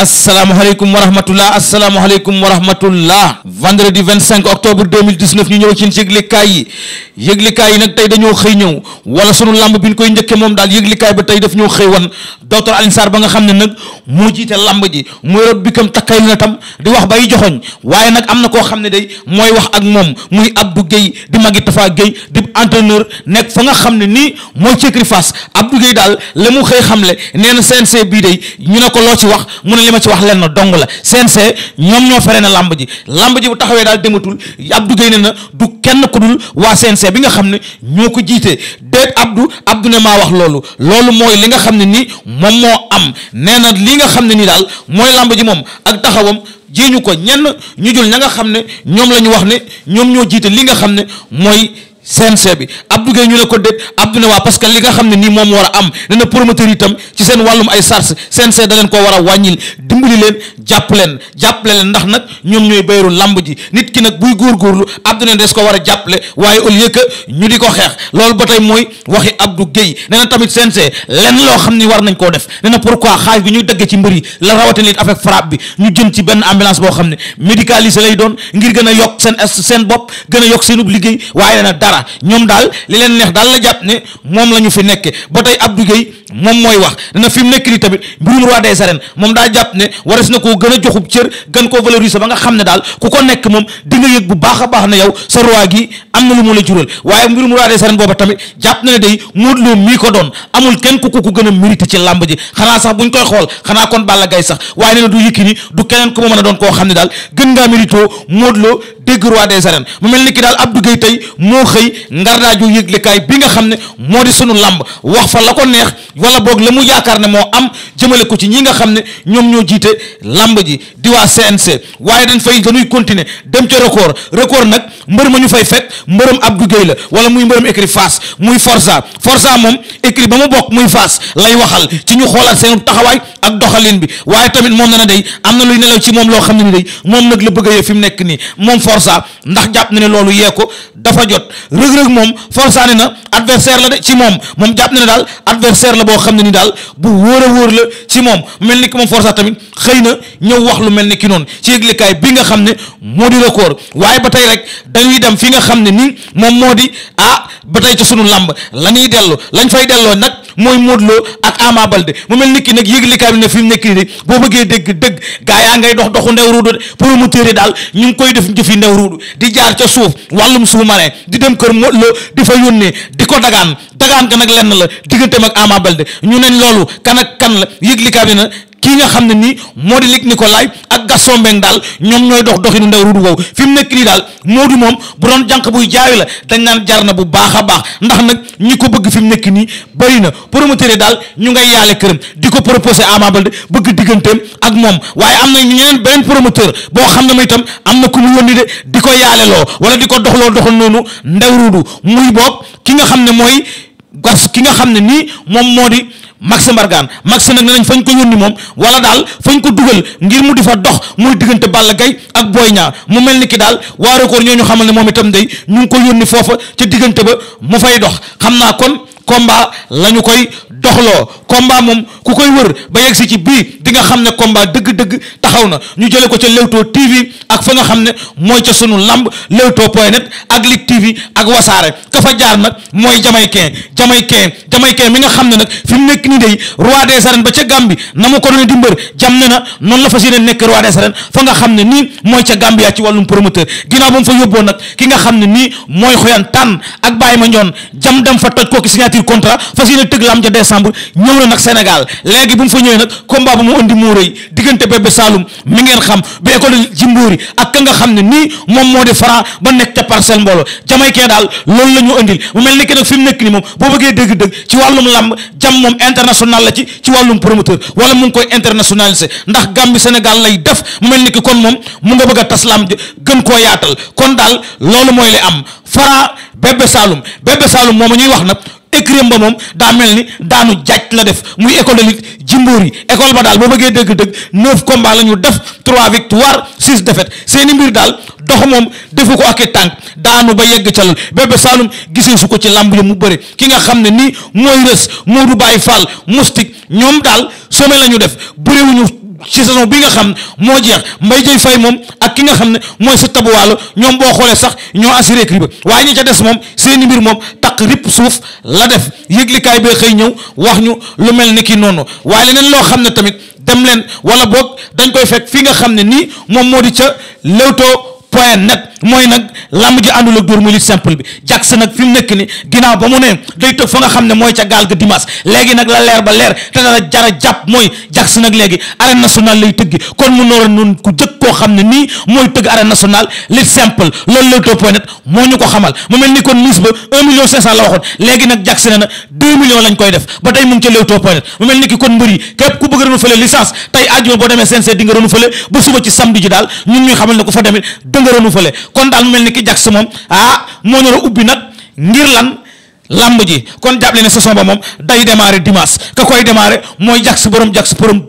asalaamaaleykum wa rahmatullah asalaamaaleykum wa rahmatullah vendredi 25 octobre 2019 ñu ñëw ci yëglikaay yi yëglikaay yi nag tey dañoo xëy ñëw wala sunu lamb bi ñu koy njëkkee moom daal yëglikaay ba tey daf ñoo xëy wan docteur Alioune Sarr ba nga xam ne nag moo jiite lamb ji muy rot bi kam takkay na tam di wax bay joxoñ waaye nag am na koo xam ne day mooy wax ak moom muy Abdou Guèye di magi Tafa Guèye di entraîneur nekk fa nga xam ne nii mooy cekri face Abdou Guèye daal la mu xëy xamle nee na CNC bii day ñu ne ko loo ci wax mu ne li ma ci wax lenn dong la CNG ñoom ñoo fere na làmb ji làmb ji bu taxawee daal dematul Abdou Gueye na du kenn ku dul waa CNG bi nga xam ne ñoo ko jiite déet Abdou Abdou ne maa wax loolu loolu mooy li nga xam ne nii moom moo am nee na li nga xam ne nii daal mooy làmb ji moom ak taxawam jiiñu ko ñenn ñu jul ña nga xam ne ñoom la ñu wax ne ñoom ñoo jiite li nga xam ne mooy CNC bi Abdou Gueye ñu ne ko déet Abdou ne waa parce que li nga xam ne nii moom war a am ne na promoteur itam ci seen wàllum ay charges CNC da leen ko war a wàññil dimbali leen jàpp leen jàppale leen ndax nag ñoom ñooy bayru làmb ji nit ki nag buy góorgóorlu Abdou ne des ko war a jàppale waaye au lieu ñu di ko xeex loolu ba tey mooy waxi Abdou Gueye ne na tamit CNC lenn loo xam ni war nañ koo def ne na pourquoi xaalis bi ñu dëgg ci mbër yi la rawatina it avec frappe bi ñu jëm ci benn ambulance boo xam ne médicalisé lay doon ngir gën a yokk seen seen bopp gën a yokk seenub liggéey waaye nee dara ñoom daal li leen neex daal la jàpp ne moom la ñu fi nekke ba tey Abdou Gueye moom mooy wax dana fi mu nekk nii tamit mbirum roi des arènes moom daa jàpp ne waras na koo gën a joxub cër gën koo valoriser ba nga xam ne daal ku ko nekk moom di nga yëg bu baax a baax ne yow sa roi gi am na lu mu la jural waaye mbirum roi des booba tamit jàpp na ne day Modou Lo ko doon amul kenn ku ko ku gën a mérité ci làmb ji xanaa sax buñ koy xool xanaa kon Balla Gaye sax waaye nee na du Yékini keneen ku ma mën a doon koo xam ne daal gën ngaa mérito Modou Lo dégg roi des arènes mu mel ni ki daal Abdou Gueye tey moo xëy ngardaaju yëglekaay bi nga xam ne moo di sunu làmb wax fa la ko neex wala boog la mu yaakaar ne moo am jëmale ko ci ñi nga xam ne ñoom ñoo jiite làmb ji di CNC waaye dañ fay dañuy continuer dem ca record record nag mbër ma ñu fay fekk mbërëm Abdou Gueye la wala muy mbërëm écrit fas muy Forza Forza moom écrit ba mu bokk muy Fass lay waxal ci ñu xoolaat seen taxawaay ak doxalin bi waaye tamit moom na na day am na luy nelaw ci moom loo xam ne ni day moom nag la bëgg a yee fi mu nekk nii moom Forza ndax jàpp na ne loolu yee ko dafa jot rëg-rëg moom Forza ne na adversaire la de ci moom moom jàpp na ne daal adversaire la boo xam ne ni daal bu wóor a wóor la ci moom mel ni ki moom forsa tamit xëy na ñëw wax lu mel ni ki noonu ci yëglekaay bi nga xam ne moo di record waaye ba tey rek dañuy dem fi nga xam ne ni moom moo di ah ba tay ca sunu làmb lañuy ñuy dellu lañ fay delloo nag mooy Modou Lo ak Ama de moo mel ni ki nag yëglikaay bi ne fi mu nekk nii boo bëggee dégg dëgg gaa yaa ngay dox doxu ndew ruudu mu yi daal ñu ngi koy def njëfi ndew ruudu di jaar ca suuf wàllum suuf mane di dem kër Modou Lo di fa yónnee di ko dagaan dagaan ka nag lenn la digganteem ak Ama Baldé ñu neñ loolu kan kan la yëglikaay bi na kii nga xam ne nii moo di ko Nicolaï ak Gaston Mbengue daal ñoom ñooy dox doxinu ndaw ruudu boobu fi mu nekk nii daal moo di moom bu doon jànq buy jaawi la dañ naan jar na bu baax a baax ndax nag ñi ko bëgg fi mu nekk nii bëri na promoteur daal ñu ngay yaale këram di ko proposé Ama Baldé bëgg digganteem ak moom waaye am na ñeneen beneen promoteur boo xam ne ma itam am na ku mu yónni de di ko yaale loo wala di ko doxloo doxal noonu ndew ruudu muy boob ki nga xam ne mooy gos ki nga xam ne nii moom moo di Max Mbargane Max nag ne nañ fañ ko yónni moom wala daal fañ ko dugal ngir mu di fa dox muy diggante Balla Gaye ak booy Niang mu mel ni ki daal waa record ñoo ñu xamal ne moom itam day ñu ngi ko yónni foofa ca diggante ba mu fay dox xam naa kon combat la ñu koy doxloo komba moom ku koy wër ba yegg si ci bii di nga xam ne combat dëgg-dëgg taxaw na ñu jële ko ca Leewtoo TV ak fa nga xam ne mooy ca sunu lamb Leewtoo point net ak Ligue TV ak wasaare ka fa jaar nag mooy jamaïcain jamaïcain jamaïcain mi nga xam ne nag fi mu nekk nii day roi de arènes ba ca Gambie na mu ko doon di mbër jam ne na noonu la fa fas yéene nekk roi des arènes fa nga xam ne nii mooy ca Gambie yaa ci wàllum promoteur ginnaaw ba mu fa yóbboo nag ki nga xam ne nii mooy xoyan tànn ak bàyyi ma ñoon jam dem fa toj signature contrat fas yéene tëgg lam ca décembre ñëw na nag Sénégal léegi bu mu fa ñëwee nag baa bu mu andi moo rëy diggante Bébé Saloum mi ngeen xam ba école Jimbori ak ka nga xam ne nii moom moo di Franc ba nekk ca parcelle mbooloo jamaykee daal loolu la ñu andil mu mel ni que nag fi mu nekk nii moom boo bëggee dëgg-dëgg ci wàllum lamb jam moom international la ci ci wàllum promoteur wala mu ngi koy internationalisé ndax Gambie Sénégal lay def mu mel ni que kon moom mu nga bëgg a tas lamb gën koo yaatal kon daal loolu mooy li am Franc Bébé Saloum Bébé Saloum moom ñuy wax nag écrim ba moom daa mel ni daanu jaaj la def muy école de lutte jimboor yi école ba daal boo bëggee dëgg-dëgg neuf combats la def trois victoires six défaites seeni mbir daal dox moom defu ko ak i tànk daanu ba yegg ca lool Bébé gisee su ko ci làmb ya mu bëri ki nga xam ne nii mooy rës Modou Baye Fall moustique ñoom daal some la ñu def bëriwuñu ci saison bi nga xam moo jeex Mbaye Dieye Faye moom ak ki nga xam ne mooy sa tabuwaalo ñoom boo xoolee sax ñoo assuré écurie ba waaye ñi ca des moom seeni mbir moom takk rip suuf la def yëglikaay bee xëy ñëw wax ñu lu mel ni ki noonu waaye leneen loo xam ne tamit dem leen wala boog dañ koy fekk fii nga xam ne nii moom moo di ca Leewtoo point net mooy nag làmb ji àndul ak dóor muy lutte simple bi Jax nag fi mu nekk ni ginnaaw ba mu nee day tëb fa nga xam ne mooy ca gaal ga dimanche léegi nag la leer ba leer te dara jara jàpp mooy Jax nag léegi arène nationale lay tëggi kon mu noora noonu ku jëkk koo xam ne nii mooy tëgg arène nationale lutte simple loolu Leewtoo point net moo ñu ko xamal mu mel ni kon mise ba un million cinq cent la waxoon léegi nag Jax ne na deux millions lañ koy def ba tey mu ngi ca Leewtoo ki kon mbër yi képp ku bëgg renouveler licence tey àjjuma boo nga renouveler ba suba ci samedi ji daal ñun ñuy xamal ne ku fa demit da nga renouveler kon daal mel ni ki Jax moom ah moo nar a ubbi nag ngir lan làmb ji kon jàppale ne saison ba moom day démarrer dimanche ka koy démarrer mooy Jax borom Jax borom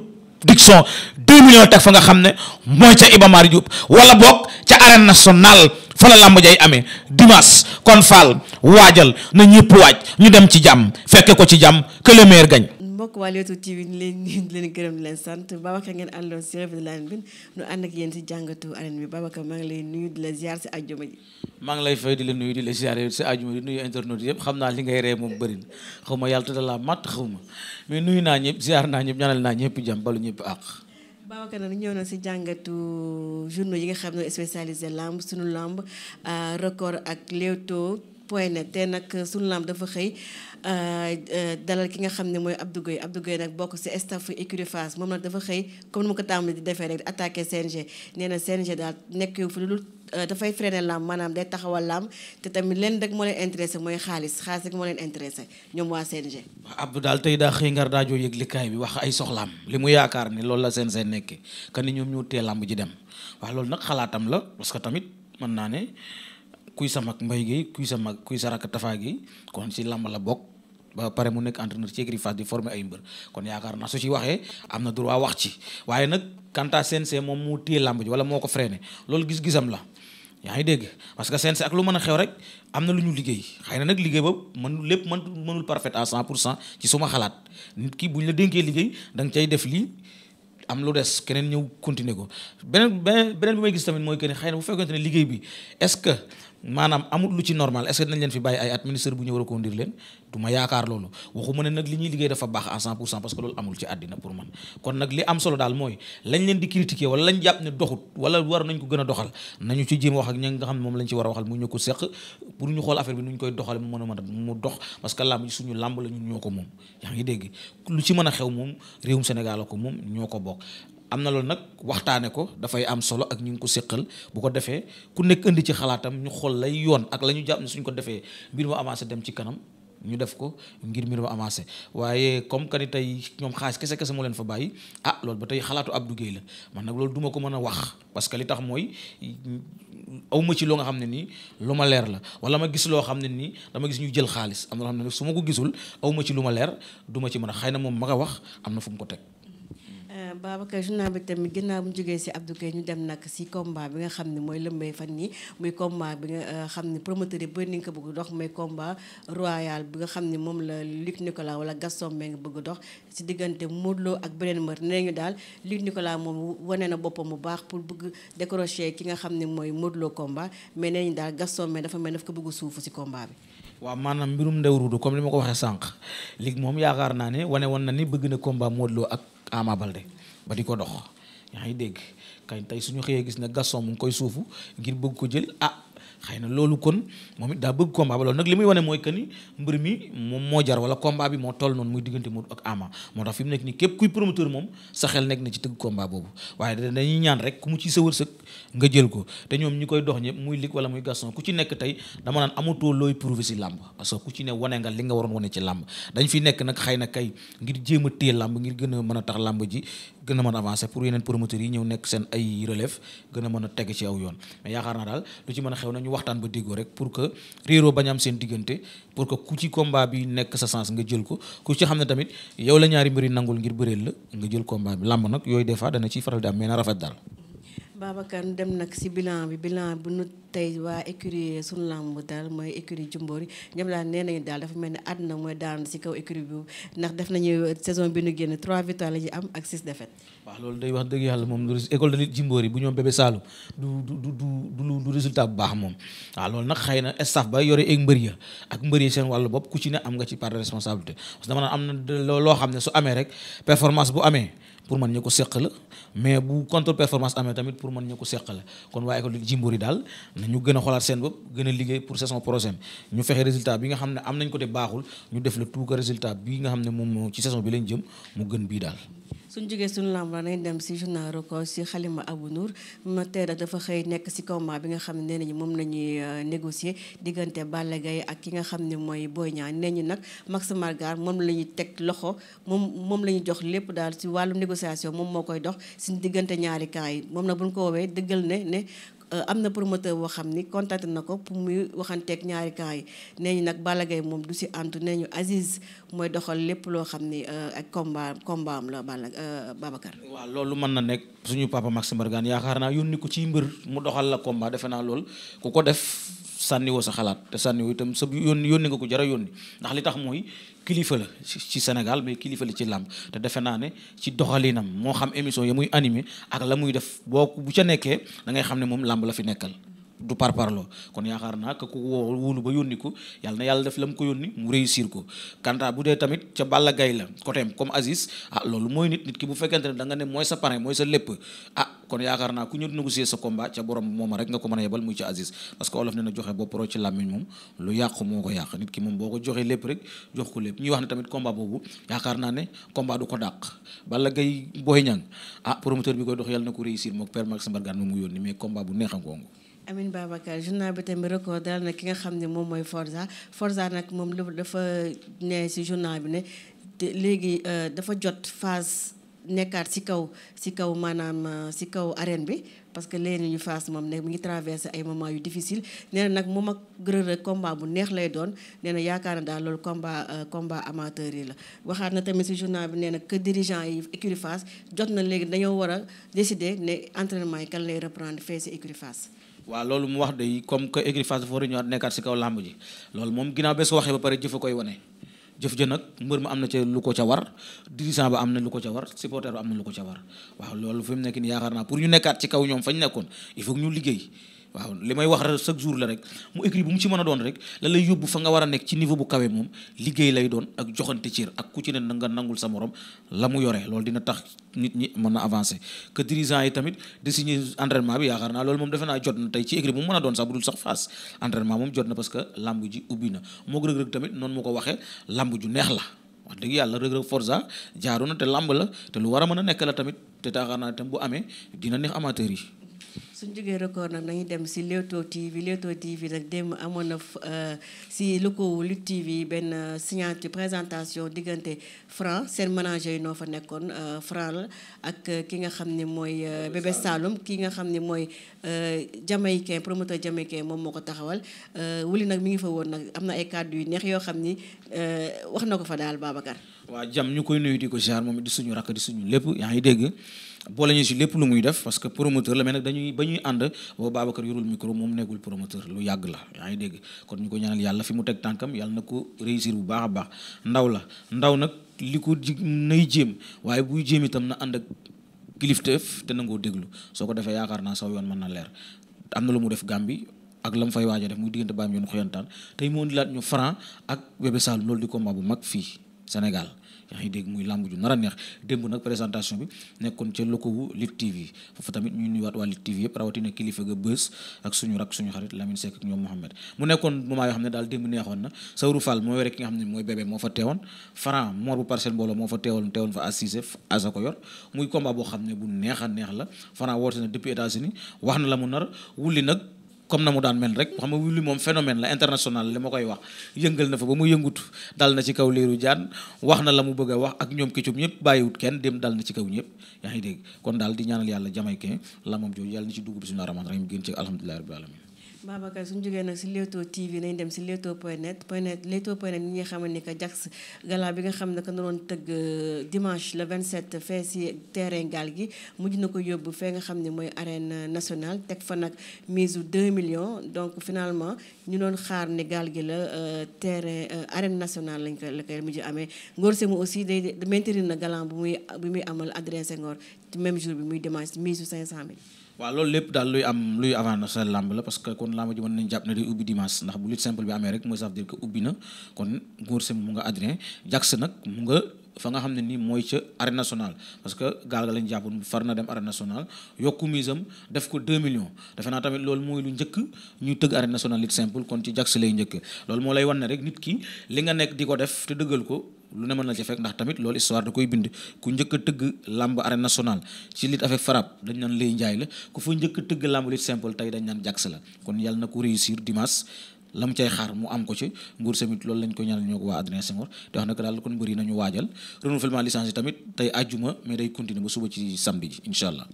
diction deux millions teg fa nga xam ne mooy ca Iba Mar Diop wala boog ca arène nationale fa la làmb jay amee dimanche kon faal waajal na ñëpp waaj ñu dem ci jàmm fekke ko ci jàmm que le meilleur mbokk waa Leewtoo TV ñu leen di leen gërëm di leen sant Babacar ngeen àndoon si revue de l'arène bi ñu ànd ak yéen si jàngatu arène bi Babacar maa ngi lay nuyu di la ziar si àjjuma ji maa ngi lay fay di la nuyu di la ziar si àjjuma ji nuyu internautes yëpp xam naa li ngay ree moom bëri na xaw ma yàlla tudd laa matt ma mais nuyu naa ñëpp ziar naa ñëpp ñaanal naa ñëpp jàmm balu ñëpp àq Babacar nag ñëw na si jàngatu journaux yi nga xam ne spécialisé lamb sunu lamb euh, record ak Leewtoo point net te nag sunu lamb dafa xëy euh, dalal ki nga xam ne mooy Abdou Gueye Abdou Gueye nag bokk ci staff écurie Fass moom nag dafa xëy comme ni ma ko tàmbalee di defee rek di attaqué CNG na CNG daal nekk fu lu euh, dafay freiné lamb maanaam day taxawal lamb te tamit leen rek moo leen intéressé mooy xaalis xaalis rek moo leen intéressé ñoom waa CNG. Abdou daal tey daa xëy ngar daajoo yëg likaay bi wax ay soxlaam li mu yaakaar ni loolu la CNG seen que ni ñoom ñoo tee lamb ji dem waaw loolu nag xalaatam la parce que tamit mën naa ne. kuy sa mag Mbaye Guèye kuy sa mag kuy sa rakk Tafa Guèye kon si làmb la bokk ba pare mu nekk entraîneur ci écurie Fass di former ay kon yaakaar naa su ci waxee am na droit wax ci waaye nag quant à moom mu téye làmb ji wala moo ko freiné loolu gis-gisam la yaa dégg parce que CNG ak lu mën a xew rek am na lu ñu liggéey xëy na nag liggéey ba mën lépp mënul parfait à 100 pour cent ci suma xalaat nit ki bu ñu la dénkee liggéey da nga maanaam amul lu ci normal est-ce que nañ leen fi bàyyi ay at ministre bu ñëw war a conduire leen du ma yaakaar loolu waxuma ne nag li ñuy liggéey dafa baax à 100 pour cent parce que loolu amul ci àddina pour man kon nag li am solo daal mooy lañ leen di critiquer wala lañ jàpp ne doxut wala war nañ ko gën a doxal nañu ci jéem wax ak ña nga xam ne moom lañ ci war a waxal mu ñu ko seq pour ñu xool affaire bi nu ñu koy doxale mu mën a mën a mu dox parce la ñun ñoo ko moom yaa ngi dégg lu ci mën a xew moom réewum Sénégal la moom ñoo ko bokk am na loolu nag waxtaane ko dafay am solo ak ñu ngi ko séqal bu ko defee ku nekk indi ci xalaatam ñu xool lay yoon ak la ñu jàpp ne ko defee mbir mu avancé dem ci kanam ñu def ko ngir mbir mu avancé waaye comme que ni tey ñoom xaalis kese kese moo leen fa bàyyi ah ba tey xalaatu Abdou Guèye la man nag loolu duma ko mën a wax parce que li tax mooy aw ci loo nga xam ne nii lu ma leer la wala ma gis loo xam ne nii dama gis ñu jël xaalis am na ne su ma ko gisul aw ci lu ma leer duma ci mën a xëy na moom mag a wax am na fu mu ko teg. Euh, Babacar journal bi tamit ginnaaw bu ñu jógee si Abdou Gueye ñu dem nag si combat bi nga xam ne mooy lëmbee fan yi muy combat bi nga euh, xam ne promoteur yi bëri nañ ko bëgg dox mooy combat royal bi nga xam ne moom la Luc Nicolas wala Gaston Mbengue nga bëgg si diggante Modou Lo ak beneen mbër nee ñu daal Luc Nicolas moom wane na boppam bu baax pour bëgg décrocher ki nga xam ne mooy Modou Lo combat mais nee ñu daal Gaston Mbengue dafa mel daf ko bëgg suufu si combat bi waaw maanaam mbirum ndew ruudu comme li ma ko waxee sànq léegi moom yaakaar naa ne wane woon na ni bëgg na combat Modou ak Ama Balde ba di ko dox yaa ngi dégg kay tey suñu xëyee gis na Gaston mu ngi koy suufu ngir bëgg ko jël ah xëy na loolu kon moom it daa bëgg combat ba loolu nag li muy wane mooy que ni mbër mi moom moo jar wala combat bi moo toll noonu muy diggante Modou ak Ama moo fi mu nekk nii képp kuy promoteur moom sa xel nekk na ci tëgg combat boobu waaye dañuy ñaan rek ku mu ci sa nga jël ko te ñoom ñi koy dox ñëpp muy lig wala muy Gaston ku ci nekk tey dama naan amatoo looy prouver si làmb parce que ku ci ne wane nga li nga waroon wane ci làmb dañ fi nekk nag xëy na kay ngir jéem a téye làmb ngir gën a mën a tax làmb ji gën a mën avancer pour yeneen promoteurs yi ñëw nekk seen ay relève gën a mën a teg ci aw yoon mais yaakaar naa daal lu ci mën a xew na ñu waxtaan ba déggoo rek pour que réeroo bañ seen diggante pour que ku ci combat bi nekk sa sens nga jël ko ku ci xam ne tamit yow la ñaari mbir yi nangul ngir bëreel la nga jël combat bi làmb nag yooyu des dana ciy faral di am mais na rafet daal. Babacar dem nag si bilan bi bilan bu nu tey waa écurie sunu lamb daal mooy écurie Jumboor ñoom nee nañu daal dafa mel ne àdduna mooy daan si kaw écurie ndax def nañu saison bi nu génn 3 victoires la am ak 6 défaites. waaw day wax dëgg yàlla moom du école de lutte Jumboor yi bu ñoom bébé Saloum du du du du du résultat bu baax moom waaw loolu nag xëy na staff ba yore ak mbër ak mbër yi seen wàllu bopp ku ci ne am nga ci part de responsabilité parce que dama naan am na loo xam ne su amee rek performance bu amee. pour man ñu ko seq la mais bu contre performance amee tamit pour man ñu ko seq la kon waa école Jimboor yi daal nañu gën a xoolaat seen bopp gën a liggéey pour saison prochaine ñu fexe résultat bi nga xam ne am nañ ko te baaxul ñu def la tout que résultat bi nga xam ne moom ci saison bi lañ jëm mu gën bii daal suñ jógee suñu lamb nañ dem si journal record si xalima Abou Nour ma tey nag dafa xëy nekk si combat bi nga xam ne nee nañu moom la ñuy euh, négocier diggante Balla Gaye ak ki nga xam ne mooy Boy Niang nee ñu nag Max Margar moom la ñuy teg loxo moom moom la ñuy jox lépp daal si wàllum négociation moom moo koy dox suñu diggante ñaari kaay yi moom nag bu ñu ko woowee dëggal ne ne am na promoteur woo xam ni contacté na ko pour muy waxanteeg ñaari camp yi nee ñu nag Balla Gaye moom du si ant nee ñu Aziz mooy doxal lépp loo xam ni euh, ak combat combat am la Balla euh, Babacar. waaw loolu mën na nekk suñu papa Max Mbargane yaakaar naa yónni ko ci mbër mu doxal la combat defe naa lool ku ko def sànniwoo sa xalaat te sànniwoo itam sa yónni yónni nga ko jara yónni ndax li tax mooy kilifa la ci Sénégal mais kilifa la ci làmb te defe naa ne ci doxalinam moo xam émission ya muy animé ak la muy def boo bu ca nekkee da ngay xam ne moom làmb la fi nekkal du par parloo kon yaakaar naa que ku woo wóolu ba yónni ko yàlla na yàlla def la mu ko yónni mu réussir ko kanta bu dee tamit ca Balla Gaye la côté comme Aziz ah loolu nit nit ki bu fekkente ne da nga ne mooy sa parrain mooy sa lépp ah kon yaakaar naa ku ñu négocier moom rek ko a yebal muy ca Aziz parce que olof ne ki moom boo ko joxee lépp rek jox ko lépp ñuy wax tamit combat boobu yaakaar naa ne combat ko dàq Balla Gaye Boy Niang ah promoteur bi koy dox yàlla na ko réussir mook Père Max Mbargane mu yónni mais combat bu neex a ngoongu Amin Babacar journal bi tamit record dal na ki nga xam ne moom mooy Forza Forza nag moom lu dafa ne ci journal bi ne léegi euh, dafa jot phase nekkaat ci kaw ci kaw maanaam euh, ci kaw arène bi parce que léegi ñu Fass moom ne mu ngi traversé ay moments yu difficile nee nag moom ak Reug combat bu neex lay doon nee na yaakaar na daal loolu combat euh, combat amateur yi la waxaat na tamit ci journal bi nee na que dirigeant yi écurie jot na léegi dañoo war a décider ne entraînement yi kan reprendre fee ci écurie waaw loolu mu wax de comme que écurie Fass dafa war a nekkaat si kaw làmb ji loolu moom ginnaaw bés waxee ba pare jëf koy wane jëf ja nag mbër ma am na ca lu ko ca war dirigeant ba am na lu ko ca war supporter ba am na lu ko ca war waaw loolu fi mu nekk nii yaakaar naa pour ñu nekkaat ci kaw ñoom fañ nekkoon il faut ñu liggéey waaw li may wax rek chaque jour la rek mu écrit bu mu ci mën a doon rek la yóbbu fa nga war a nekk ci niveau bu kawe moom liggéey lay doon ak joxante ciir ak ku ci ne na nga nangul sa morom la mu yore loolu dina tax nit ñi mën na avancer que dirigeant yi tamit di signer entraînement bi yaakaar naa loolu moom defe naa jot na tey ci écrit bu mu mën a doon sax bu dul sax face entraînement moom jot na parce que lamb ji ubbi na moo rëg-rëg ko waxee lamb ju neex la wax dëgg yàlla rëg-rëg forza na te lamb la te lu war a mën a nekk la tamit te taaxaar naa tam bu amee dina neex amateur yi suñ jógee record nag nañu dem si Leewtoo TV Leewtoo TV nag démb amoon na euh, si locaux Lutte TV benn euh, signature présentation diggante Franc seen manager yi noo fa nekkoon euh, Franc la ak ki nga xam ne mooy Bébé Saloum ki nga xam ni mooy jamaïcain promoteur jamaïcain moom moo ko taxawal wuli nag mi ngi fa woon nag am na ay kàddu yu neex yoo xam ni wax na ko fa daal Babacar. waa jam ñu koy nuyu ko ziar moom di suñu rakk di suñu lépp yaa ngi dégg. boole ñu si lépp lu muy def parce que promoteur la mais nag dañuy ba ñuy ànd boo Babacar yorul micro moom nekkul promoteur lu yàgg la yaa ngi dégg kon ñu ko ñaanal yàlla fi mu teg tànkam yàlla na ko réussir bu baax a baax ndaw la ndaw nag li ko ji nay jéem waaye buy jéem itam na ànd ak kilifteef te nangoo déglu soo ko defee yaakaar naa saw yoon mën na leer am na lu mu def Gàmbi ak la mu fay waaj a def muy diggante baam yoon xoyantaan tey moo di laat ñu Franc ak Bébé loolu di ko combat bu mag fii Sénégal yaa ngi dégg muy lamb ju nar a neex démb nag présentation bi nekkoon ca lokowu Lutte TV foofu tamit ñu nuyuwaat waa Lutte TV yëpp rawatina kilifa ga bës ak suñu rak suñu xarit Lamine Seck ak ñoom Mohamed mu nekkoon moment yoo xam ne daal démb neexoon na Sawru Fall mooy rek ki nga xam ne mooy bébé moo fa teewoon Franc Mor bu parcelle mbooloo moo fa teewoon teewoon fa assisé asa muy combat boo xam ne bu neex a neex la Franc woote na depuis états la mu comme na mu daan mel rek xam nga Wouly moom phénomène la international li ma koy wax yëngal na fa ba mu yëngutu dal na ci kaw liiru jaan wax na la mu bëgg a wax ak ñoom Ketchup ñëpp bàyyiwut kenn dem dal na ci kaw ñëpp yaa ngi dégg kon daal di ñaanal yàlla jamaïcain la moom jooju yàlla na ci dugg bismillah rahman rahim gën ci alhamdulillahi rabbil alamin Babacar suñu jógee nag si Leewtoo TV nañ dem si Leewtoo point net point net Leewtoo point net ñi nga xam ne que Jax gala bi nga xam ne que na doon tëgg euh, dimanche vingt 27 fee si terrain gaal gi mujj na ko yóbbu fee nga xam ne mooy arène nationale teg fa nag mise u 2 millions donc finalement ñu doon xaar ne gaal gi la euh, teree euh, arène nationale lañ koy la koy mujj amee ngorse Semu aussi day maintenir na galan bu muy bu muy amal Adrien ngor ci même jour bi muy dimanche mise u 500 000 waaw loolu lépp daal luy am luy avant sa lamb la parce que kon lamb ji mën nañ jàpp ne day ubbi dimanche ndax bu lutte simple bi amee rek mooy ça dire que ubbi na kon góor mu nga Adrien Jax nag mu nga fa nga xam ne nii mooy ca arène nationale parce que gaal ga lañ jàppoon far na dem arène nationale yokku misam def ko 2 millions defe naa tamit loolu mooy lu njëkk ñu tëgg arène nationale lutte simple kon ci Jax lay njëkk loolu moo lay wan ne rek nit ki li nga nekk di ko def te ko lu ne mën na ci fekk ndax tamit loolu histoire da koy bind ku njëkk a tëgg làmb arène nationale ci lutte avec frappe dañ naan Lay Njaay la ku fa njëkk tëgg làmb lutte simple tey dañ naan Jax la kon yal na ko réussir dimanche la mu cay xaar mu am ko ci nguur tamit loolu lañ ko ñaanal ñoo ko waa Adrien Senghor daal kon bëri nañu waajal renouvellement licence tamit tey àjjuma mais day continuer ba suba ci samedi ji incha allah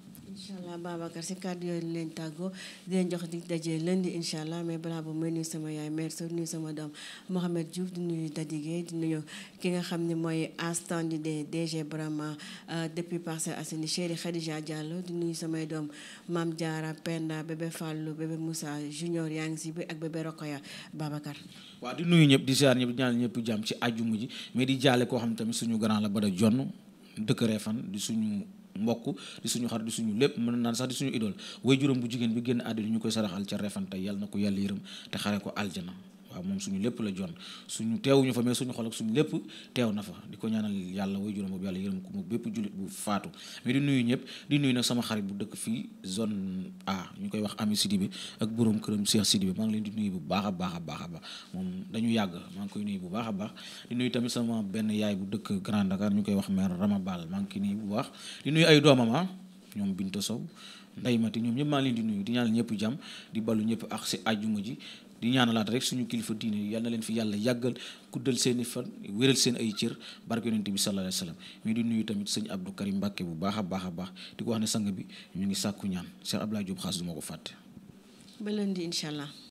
Babacar si kàddu yooyu leen tàggoo di leen jox di daje lundi incha allah mais balaa boobu may nuyu sama yaay mère so nuyu sama doom Mohamed Diouf di nuyu Dadigé di nuyu ki nga xam ne mooy astandi de DG Brahma euh, depuis Parcelles Assainies chéri Khadija Diallo di nuyu samay doom Mame Diarra Penda bébé Junior yaa ngi si bi ak bébé Rokhaya Babacar. waaw di nuyu ñëpp di ziar ñëpp di ñaan ñëpp jàmm ci àjjuma ji mais di jaale koo xam tamit suñu grand la Bada Jonn dëkk Réfane di suñu. mbokk di suñu xar di suñu lépp mën naan sax di suñu idol way juróom bu jigéen bi génn àddina ñu koy saraxal ca refanta yal na ko yàlla yërëm te xare ko aljana waaw moom suñu lépp la jon suñu teewuñu fa mais suñu xol ak suñu lépp teew na fa di ko ñaanal yàlla way juróom boobu yàlla yërëm ko moom bépp jullit bu faatu mais di nuyu ñëpp di nuyu nag sama bu dëkk fii zone A ñu koy wax Ami Sidibé ak borom këram Cheikh Sidibé maa ngi leen di nuyu bu baax a baax a baax a baax moom dañu yàgg maa ngi koy nuyu bu baax a baax di nuyu tamit sama benn yaay bu dëkk Grand Dakar ñu koy wax mère Rama Bal maa ngi koy nuyu bu baax di nuyu ay doomam ah ñoom Binta Sow Ndeye Mati ñoom ñëpp maa ngi leen di nuyu di ñaanal ñëpp jàmm di balu ñëpp ak si àjjuma ji di ñaanalaat rek suñu kilifa diine yi yal na leen fi yàlla yàggal guddal seen i fan wéral seen ay cër barke yonent bi sallallahu alayhi wasallam mais di nuyu tamit sëñ Abdou Karim Mbacke bu baax a baax a baax di ko wax ne sang bi ñu ngi sàkku ñaan seen ab Diop xaas du ma ko fàtte. ba lundi incha